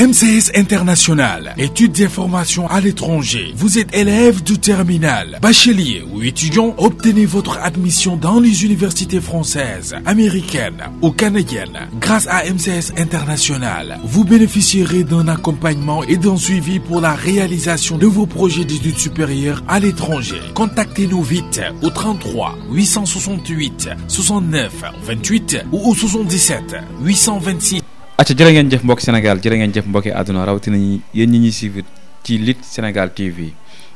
MCS International, études d'information à l'étranger. Vous êtes élève du terminal, bachelier ou étudiant, obtenez votre admission dans les universités françaises, américaines ou canadiennes. Grâce à MCS International, vous bénéficierez d'un accompagnement et d'un suivi pour la réalisation de vos projets d'études supérieures à l'étranger. Contactez-nous vite au 33 868 69 28 ou au 77 826 acca jërë ngeen jëf mbokki Sénégal jërë ngeen jëf mbokki àdduna rawatina ñi yéen ñi ñuy suivre ci Lutte Sénégal TV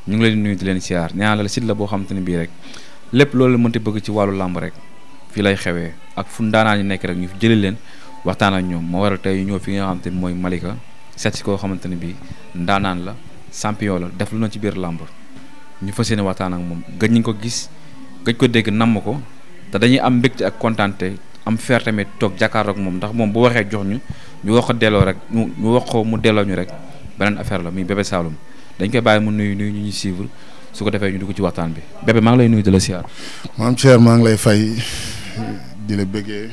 ñu ngi leen nuyu di leen siyaar nee naa la site la boo xamante ne bii rek lépp loolu mënti bëgg ci wàllu làmb rek fii lay xewee ak fu ndaanaa ñi nekk rek ñu fi jëli leen waxtaan ak ñoom moo waral tey ñoo fi nga xamante ni mooy Malika set si koo xamante ne bii ndaanaan la champion la def lu na ci biir làmb ñu fas yéene waxtaan ak moom gëj ñu ko gis gëj ko dégg namm ko te dañuy am mbégte ak kontaante am fer tamit jakar ak mom ndax mom bu waxe jox ñu ñu wax delo rek ñu ñu wax ko mu delo ñu rek benen affaire la mi Bébé salum dañ koy bàyyi mu nuyu nuyu ñu suivre su ko defé ñu dugg ci waxtaan bi Bébé ma ngi lay nuyu di la mo maam Thierno ma ngi lay fay di le bëggee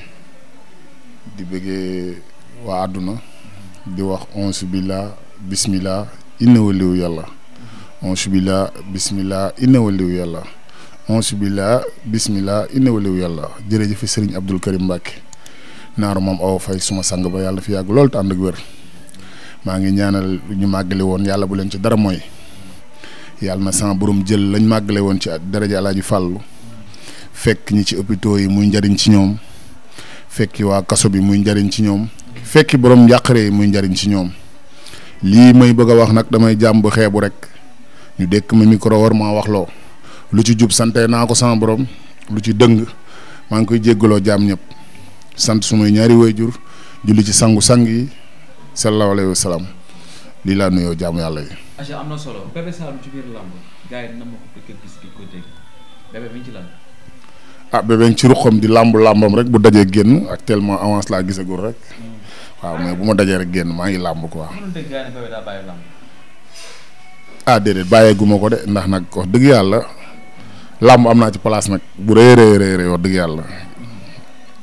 di bëggee wa aduna di wax on subila bismillah inna wallahu yalla on subila bismillah inna wallahu yalla monsibillah bismillah inéwalewu Yalla jërëjëfe Sering abdul karim Bak naaru moom aw fay suma sang ba yàlla fi yàgg lool te ànd ak wér maa ngi ñaanal ñu màggale woon yàlla bu leen ci dara mooy yàlla na sama borom jël lañ Fek woon ci daraja alaaji fàllu fekk ñi ci hôpitaux yi muy njariñ ci ñoom fekki waa kaso bi muy njariñ ci ñoom fekki borom njàqare muy ci may bëgg wax damay rek ñu ma micro war wax lu ci jub sante naa ko sama boroom lu ci dëng maa ngi koy jéggaloo jaam ñépp sant sumay ñaari way jur julli ci sangu-sang yi sallallahu salaam lii laa nuyoo jaamu yàlla yi. ci biir ah, di làmb làmbam rek bu dajee génn actuellement avance laa gisagul rek waaw mais bu ma dajee rek génn maa ngi làmb quoi. ah déedéet bàyyeegu ma ko de ndax nag wax dëgg yàlla. lamb amna ci place nak bu re re re re wax deug yalla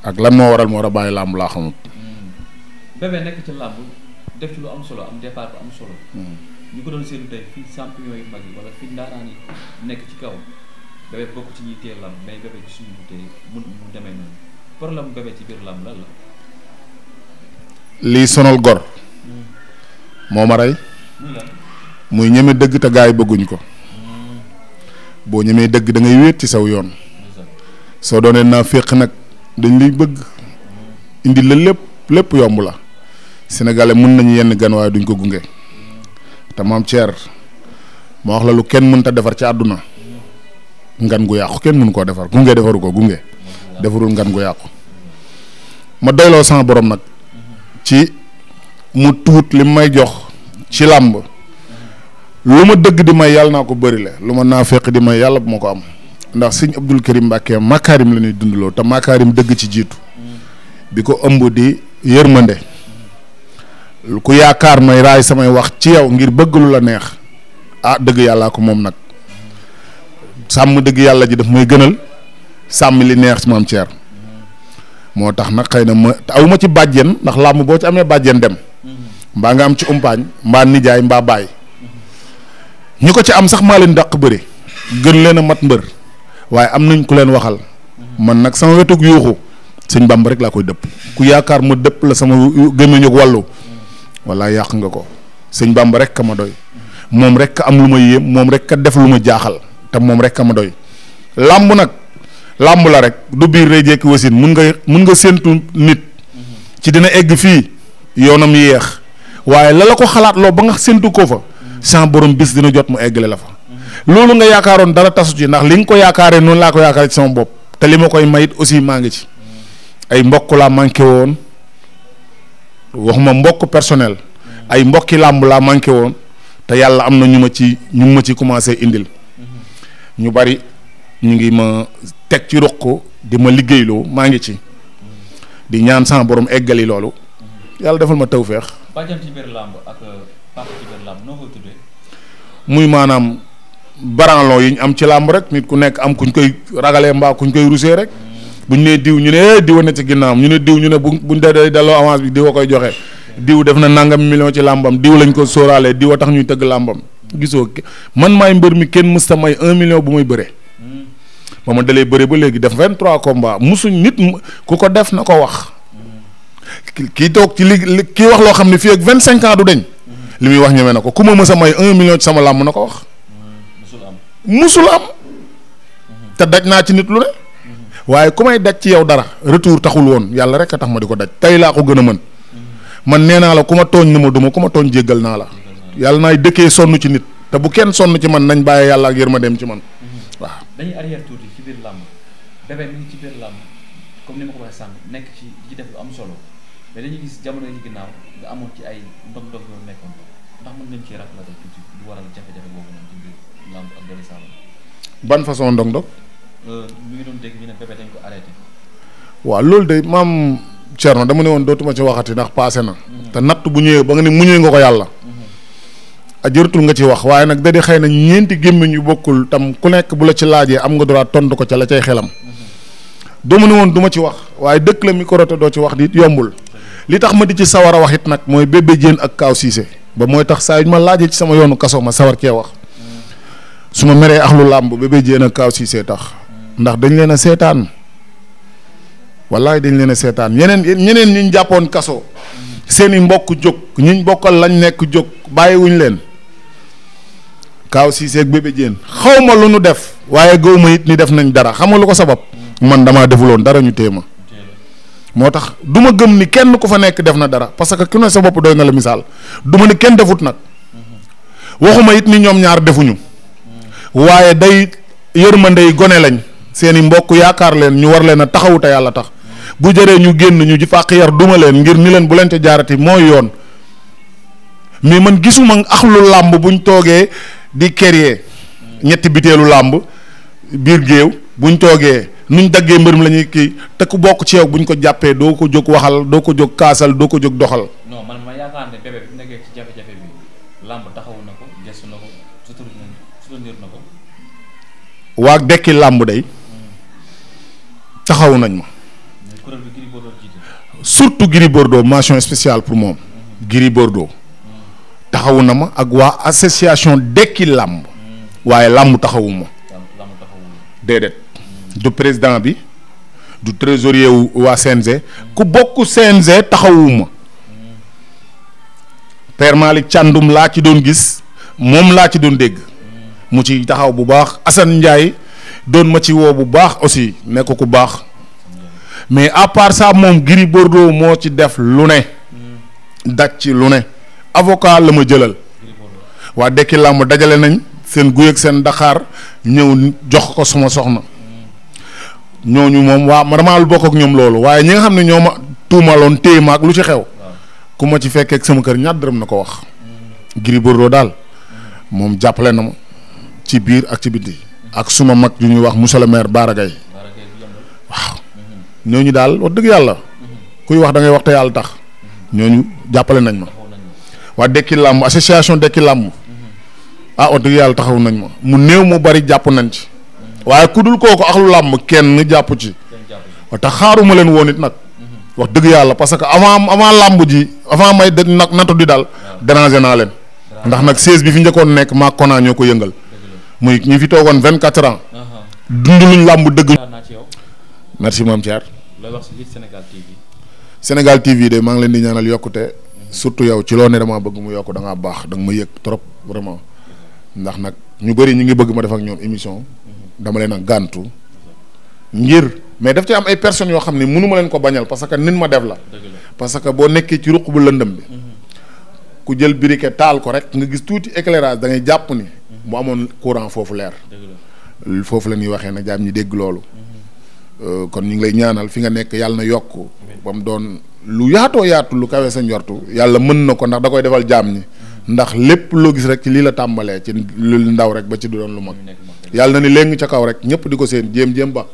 ak lan mo waral mo wara baye lamb la laa xamut. Hmm. Bébé nekk ci lamb def lu am solo am départ bu am solo. Hmm. ñu ko doon seen tay fi champion yi mag wala fi ndaanaan yi nekk ci kaw bebe bokku ci ñi té lamb mais bebe ci suñu tey mu mu démé non problème bebe ci bir lamb la la. li sonal gor. Hmm. moo ma rey. muy ñeme dëgg ta gaay bëgguñ ko. boo ñemee dëgg dangay ngay wéet ci saw yoon soo doonee naa féq nag dañ lay bëgg indi la lépp lépp yomb la sénégalais mun nañu yenn gan waaye duñ ko gunge te maam Thier ma wax la lu kenn mënta defar ci àdduna ngan gu yàqu kenn mënu koo defar gunge defaru ko gunge defarul ngan gu yàqu ma doyloo sama boroom nag ci mu tuut li may jox ci làmb luma deug di may yalla nako beuri le luma nafiq di may yalla bu am ndax seigne Abdul Karim mbake Makarim lañuy dundulo ta makarim deug ci jitu biko di yermande ku yaakar may ray samay wax ci yow ngir bëgg lu la neex ah deug yalla ko mom nak sam deug yalla ji daf moy gënal sam li neex ci mom cher motax nak xeyna awuma ci badjen ndax lamb bo ci amé badjen dem mba nga am ci umpaañ mba nijaay mba baye ñu ko ci am sax maa daq dàq bëre gën leen a mat mbër waaye am nañ ku leen waxal man nag sama wetug yuuxu sëñ bàmb rek laa koy dëpp ku yaakaar ma dëpp la sama gémmiñu wàllu walla yàq nga ko sëñ bàmb rek a ma doy moom rek ka ma yéem moom rek ka def lu ma jaaxal te moom rek ka doy làmb nag làmb la rek du biir day jekki wasin mun nga mun nga séentu nit ci dina egg fii yoonam yéex waaye la la ko xalaat loo ba nga séentu ko fa sans borom bis dina jot mu eggale la fa. loolu nga yaakaaroon dara tasu ci ndax li nga ko yaakaaree noonu laa ko yaakaaree ci sama bopp te li ma koy may mayit aussi maa ngi ci ay mbokk laa manqué woon waxuma mbokk personnel ay mbokki làmb laa manqué woon te yàlla am na ñu ma ci ñu ma ci commencé indil ñu bari ñu ngi ma teg ci ruq di ma liggéeyloo maa ngi ci di ñaan san boroom eggali loolu yàlla defal ma tawféex. bàjjam muy manam baranlon yi am ci lamb rek nit ku nek am kuñ koy ragalé mba kuñ koy rusee rek buñ né diw ñu né eh, diw ne ci ginnam ñu né diw ñu né buñ dé dalo avance bi diw koy joxe diw def na nangam million ci lambam diw lañ ko soralé diw tax ñuy lambam gisoo man may mbeur mi kenn musta may 1 million bu may bëree ba ma dalee bëre ba légui def 23 combat musuñ nit ku ko def nako wax ki tok ci ki wax lo xamni fi ak 25 ans du deñ li muy wax ñeme na ko ku ma mës a may un million ci sama làmb na ko wax. musul am musul am. te daj naa ci nit lu ne. waaye ku may daj ci yow dara retour taxul woon yàlla rek a tax ma di ko daj tey laa ko gën a mën. man nee naa la ku ma tooñ na ma duma ku ma tooñ jéggal naa la. yàlla naay dëkkee sonn ci nit. te bu kenn sonn ci man nañ bàyyi yàlla ak dem ci man. Mhm. waaw ci biir làmb bébé mi ngi ci comme ni ma ko waxee sànq nekk ci ci am solo mais dañuy gis jamono yi ci ay ndog-ndog mën waral ak ban façon ndong euh ñu ngi doon dégg ñu ne bébé dañ ko arrêté. wa lool de mam Thierno dama ne dootuma ci waxati ndax passé na. Mhm. natt bu ba nga nga ko a mhm. ah, nga tam ku nekk bu la ci laajee am nga droit tontu ko ca la cay xelam. Mhm. ne woon du ma ci wax waaye dëkk la doo ci yombul. li tax ma di ci ba mooy tax saa yu ñu ma laajee ci sama yoonu kaso ma sawar cee wax su ma meree axlu làmb Bébé Diène ak Kaaw Cissé tax ndax dañ leen a seetaan wallaay dañ leen a seetaan yeneen ñeneen ñi ñu jàppoon kaso seeni mbokk jóg ñiñ bokkal lañ nekk jóg bàyyiwuñ leen Kaaw Cissé ak Bébé Diène xaw ma lu nu def waaye gëw ma it ni def nañ dara xam lu ko sabab man damaa defuloon dara ñu ma moo duma du ma gëm ni kenn ku fa nekk def na dara parce que ku ne sa bopp doy na la misaal du ma ni kenn defut nag waxuma it ni ñoom ñaar defuñu waaye day yërmandey gone lañ seeni mbokk yaakaar leen ñu war leen a taxawu tax bu jëree ñu génn ñu yar duma leen ngir ni leen bu leen ca jaarati mooy yoon mais man gisuma axlu làmb buñ toogee di kéré ñetti biteelu làmb biir géew buñ nuñ daggee mbërëm la ñuy kii te ku bokk ci buñ ko jàppee doo ko jóg waxal doo ko jóg kaasal doo ko jóg doxal. non ma ne bébé bi nekkee ci jafe làmb taxawu na ko gëstu na ko na ko. waa dekki làmb day. taxawu nañ ma. surtout Gris Bordeaux mention spéciale pour moom. Mm-hmm. Gris Bordeaux. Mm. taxawu na ma ak waa association dekki làmb. Mm. waaye làmb taxawu ma. làmb taxawu du président bi du trésorier wu waa CNG ku bokk CNG taxawuma Père Malick Thiandoum laa ci doon gis moom laa ci doon dégg mu ci taxaw bu baax Assane Ndiaye doon ma ci woo bu baax aussi nekk ku baax mais à part ça moom Gris Bordeaux moo ci def lu ne daj ci lu ne avocat la ma jëlal waa dekki làmb dajale nañ seen guy ak seen daqaar ñëw jox ko suma soxna ñooñu moom waa damaa bokk ak ñoom loolu waaye ñi nga xam ne ñoo ma tuumaloon téye ma ak lu ci xew. ku ma ci fekkee ak sama kër ñaar dërëm na ko wax. Gris Bordeaux daal moom jàppale na ma ci biir ak ci ak suma mag yu ñuy wax monsieur le maire Bara waaw ñooñu daal wax dëgg yàlla kuy wax dangay ngay wax te yàlla tax ñooñu jàppale nañ ma waa Dekki Làmb association Dekki Làmb ah wax dëgg yàlla taxaw nañ ma mu néew mu bari jàpp nañ ci. waaye ku dul kooku ak lu làmb kenn jàpp ci te xaaruma leen woon it nag mhm. wax dëgg yàlla parce que avant avant làmb ji avant may de nag natu di daal dérangé naa leen ndax nag siège bi fi njëkkoon nekk maa konaa ñoo ko yëngal mu ñi fi toogoon vingt quatre ans uh-huh. dund luñ làmb dëgg merci maam Thiar Sénégal TV de maa ngi leen di ñaanal yokkute surtout yow ci loo ne damaa bëgg mu yokk danga ngaa baax danga nga ma yëg trop vraiment ndax nag ñu bëri ñu ngi bëgg ma def ak ñoom émission mhm. dama leen a gàntu ngir mais daf ci am ay personnes yoo xam ne mënu ma leen ko bañal parce que nin ma def la parce que boo nekkee ci ruq bu lëndëm bi ku jël briquet taal ko rek nga gis tuuti éclairage da ngay jàpp ni mu amoon courant foofu leer foofu la ñuy waxee na jaam ñi dégg loolu euh, kon ñu ngi lay ñaanal fi nga nekk yàlla na yokk ba doon lu yaatoo yaatu lu kawee sa njortu yàlla mën na ko ndax da koy defal jaam ñi ndax lépp loo gis rek ci lii la tàmbalee ci lu ndaw rek ba ci du doon lu mag yàlla na ni léegi ca kaw rek ñëpp di ko seen jéem jéem ba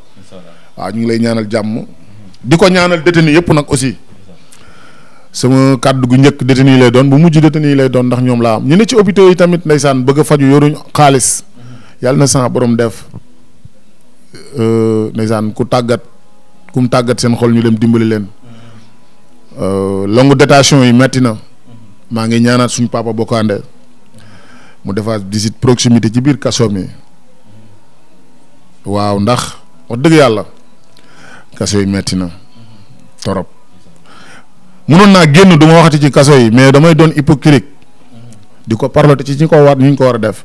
waaw ñu ngi lay ñaanal jàmm di ko ñaanal détenu yëpp nag aussi sama kàddu gu njëkk détenu yi lay doon bu mujj détenu yi lay doon ndax ñoom laa am ñu ne ci hôpitaux yi tamit ndeysaan bëgg a faju yoruñ xaalis yàlla na sa borom def euh, ndeysaan ku tàggat kum tàggat seen xol ñu dem dimbali leen euh, longue détention yi metti na ma ngi ñaanaat suñu papa Bokande, mu defaat visite proximité ci biir kaso mi waaw ndax wax dëgg yàlla kaso yi metti na torop mënoon naa génn du ma waxati ci kaso yi mais damay doon hypocrite di ko parloté ci ko war ñu ko war def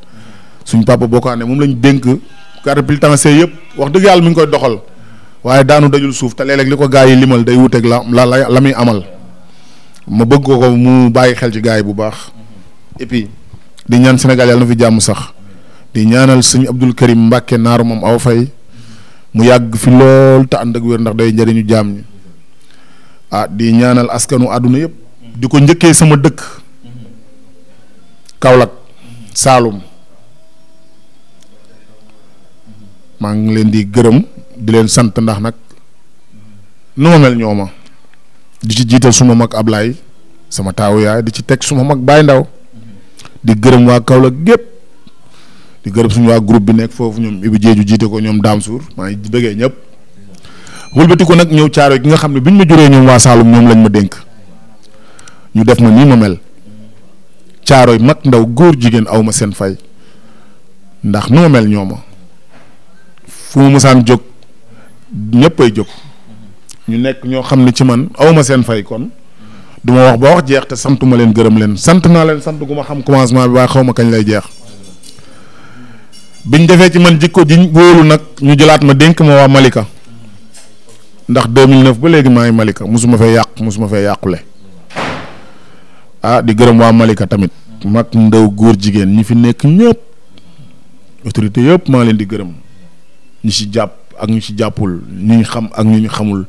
suñu papa Bokande moom lañ dénk carte bulletin yëpp wax dëgg yàlla mi ngi koy doxal waaye daanu dajul suuf te léeg-léeg li ko yi limal day wuteeg la la la muy amal ma bëgg ko ko mu bàyyi xel ci gars yi bu baax et di ñaan senegal yàlla na fi jàmm sax di ñaanal suñu Abdul Karim Mbàkke naaru moom aw fay mu yàgg fi lool te ànd ak wér ndax day njëriñu jaam ñi ah di ñaanal askanu àdduna yëpp di ko njëkkee sama dëkk Kaolack Saalum maa ngi leen di gërëm di leen sant ndax nag nu ma mel ñoo di ci jiital suma mag Ablaye sama taawu yaay di ci teg suma mag baay Ndaw di gërëm waa Kaolack gépp di gërëm suñu waa groupe bi nekk foofu ñoom Ibi Jeeju jiite ko ñoom Dame Sour maa ngi bëggee ñëpp wëlbati ko nag ñëw caaro gi nga xam ne bi ñu ma juree ñoom waa Saalum ñoom lañ ma dénk ñu def ma nii ma mel caaro yi mag ndaw góor jigéen aw ma seen fay ndax nu ma mel ñoo ma fu ma mësaan jóg ñëppay jóg. ñu nekk ñoo xam ne ci man awma seen fay kon du ma wax ba wax jeex te santuma leen gërëm leen sant naa leen sant gu ma xam commencement bi waaye xaw ma kañ lay jeex biñ defee ci man jikko ji wóolu nag ñu jëlaat ma dénk ma waa Malika ndax 2009 ba léegi maa Malika mosuma fee yàq mosuma fee yàqule ah di gërëm waa Malika tamit mag ndaw góor jigéen ñi fi nekk ñëpp autorité yëpp maa leen di gërëm ñi ci jàpp ak ñu ci jàppul ñi ñu xam ak ñu xamul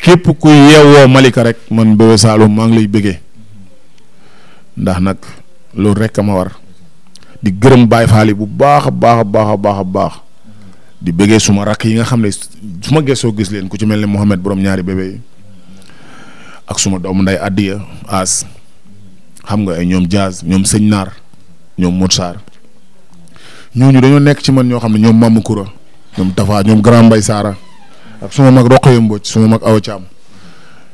képp ku yeewoo Malika rek man Bébé Saloum maa lay bëggee ndax nag loolu rek a ma war di gërëm Baye Fall bu baax a baax a baax a baax a baax di bëggee suma rakk yi nga xam ne su ma gëstoo gis leen ku ci mel ni Mouhamed boroom ñaari bébé yi ak suma doomu nday àddiya As xam nga ay ñoom Diaz ñoom Sëñ Naar ñoom saar ñoo ñu dañoo nekk ci man ñoo xam ne ñoom Mamadou Koura ñoom Tafa ñoom Grand Mbaye Saara. ak suma mag Roqaya Mbodj suma mag Awa Thiam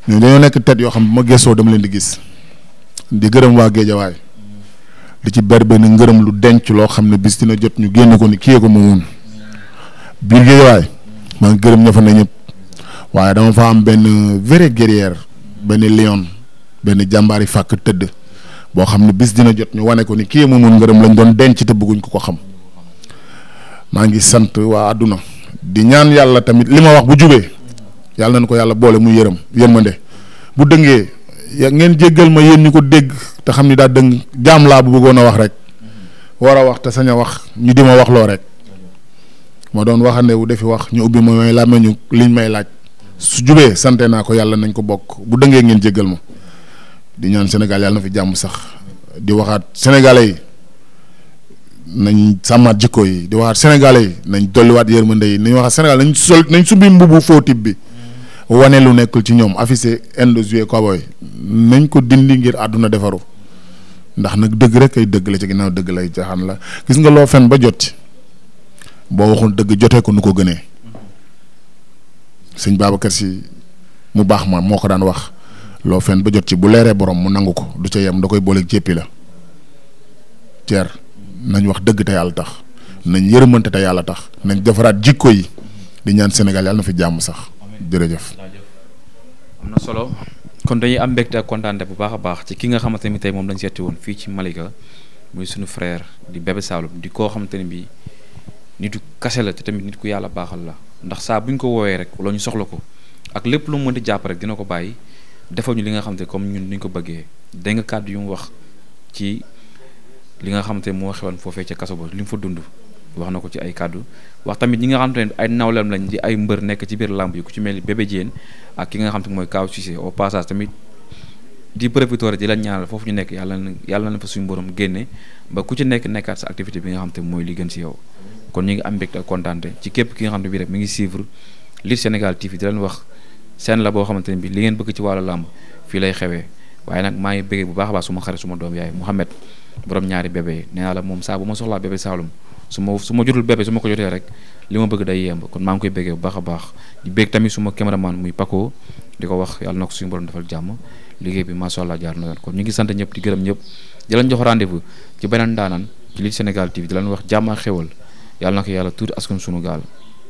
ñooñu dañoo nekk tet yoo xam bu ma gëstoo dama leen di gis di gërëm waa géejawaay li ci bari benn ngërëm lu denc loo xam ne bis dina jot ñu génn ni kiyee ko moomoon biir géejawaay maa gërëm ña fa ne fa am benn vrai guerrier benn lion benn jàmbaari fàkk tëdd boo xam ne bis dina jot ñu wane ko ni kiyee moomoon ngërëm lañ doon denc te bëgguñ ko ko xam maa ngi sant waa àdduna di ñaan yàlla tamit li ma wax bu jubee yàlla nañu ko yàlla boole mu yërëm yërmande bu dëngee ngeen jéggal ma yéen ñu ko dégg te xam ni daa dëng jaam laa bu bëggoon a wax rek war a wax te sañ wax ñu di ma wax loo rek ma doon waxande wu defi wax ñu ubbi ma may laaj ma ñu liñ may laaj su jubee sante naa ko yàlla nañ ko bokk bu dëngee ngeen jéggal ma di ñaan Sénégal yàlla na fi jàmm sax di waxaat sénégalais yi. nañ sàmmaat jikko yi di waxaat sénégalais yi nañ dolliwaat yërmande yi nañ waxaat sénégal nañ sol nañ subbi mbubu faux type bi wane lu nekkul ci ñoom affiché end juillet cowboy nañ ko dindi ngir àdduna defaru ndax nag dëgg rek ay dëgg la ci ginnaaw dëgg lay jaaxaan la gis nga loo fen ba jot ci boo waxul dëgg jotee ko nu ko gënee sëñ Babacar Si mu baax ma moo ko daan wax loo fen ba jot ci bu leeree borom mu nangu ko du ca yem da koy booleeg jéppi la nañ wax dëgg te yàlla tax nañ yërëmante te yàlla tax nañ defaraat jikko yi di ñaan Sénégal yàlla na fi jàmm sax jërëjëf. am na solo kon dañuy am mbégte ak kontaante bu baax a baax ci ki nga xamante ne tey moom lañ seeti woon fii ci Malika muy suñu frère di Bébé saalum di koo xamante ne bii nitu kase la te tamit nit ku yàlla baaxal la ndax saa bu ñu ko woowee rek wala ñu soxla ko ak lépp lu mu mënti jàpp rek dina ko bàyyi defal li nga xamante comme ñun ni ñu ko bëggee dégg kàddu yu mu li nga xamante moo xewoon foofee ca kaso ba li mu fa dund wax na ko ci ay kàddu wax tamit ñi nga xamante ne ay nawlam lañ di ay mbër nekk ci biir làmb yi ku ci mel bébé ak ki nga mooy Kaaw au passage tamit di profiter di la ñaanal foofu ñu nekk yàlla na yàlla na fa suñu borom génne ba ku ci nekk nekkaat sa activité bi nga xam te mooy li gën si yow kon ñu ngi am mbégte ak kontaante ci képp ki nga xam ne rek mi ngi suivre Lutte Sénégal TV di leen wax seen la boo xamante bi li ngeen bëgg ci wàllu fii lay xewee waaye nag maa ngi bëggee bu baax a baax suma xarit suma doom yaay borom ñaari bébé néna la mom sa bu ma soxlaa bébé salum suma suma su jotul bébé suma ma ko jotee rek lima bëgg day yëmb kon ma ngi koy bëggé bu baaxa baax di bëgg tamit suma cameraman muy Paco di wax yalla na suñu borom defal jamm liggé bi ma soxla jaar na kon ñu ngi sant ñëpp di gërëm ñëpp di lañ jox rendez-vous ci benen daanan ci li Sénégal TV di lañ wax jamm ak yalla yàlla yalla tout askan suñu gal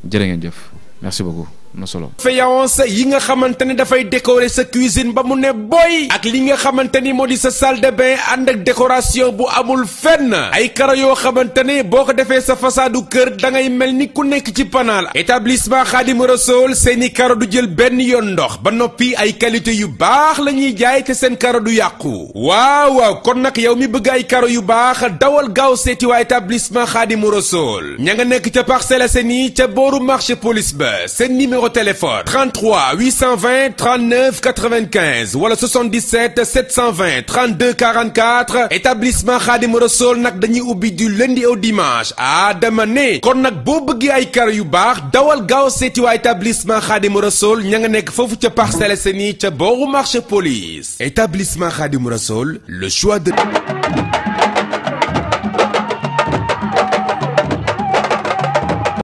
jërë ngeen jëf merci beaucoup na solo. faïence yi nga xamante ne dafay décorer sa cuisine ba mu ne boy ak li nga xamante ni moo di sa salde de bain ànd ak décoration bu amul fenn ay karo yoo xamante ne boo ko defee sa façadu kër da ngay mel ni ku nekk ci panaal établissement Khadim Rassoul seeni karo du jël benn yoon ndox ba noppi ay qualité yu baax la ñuy jaay te seen karo du yàqu waaw waaw kon nag yow mi bëgg ay karo yu baax dawal gaaw seeti waa établissement Khadim Rassoul ña nga nekk ca Parcelles Assainies ca booru marché police ba seen numéro téléphone 33 820 39 95 alors 77 720 32 44 établissement Khadim Rassoul nak dañuy ubi du lundi au dimanche à dama ne kon nak bo bëggee ay kar yu bax dawal gaaw séti établissement Khadim Rassoul ña nga nekk fofu ci parcelle Assainies ci marché police établissement Khadim Rassoul le choix de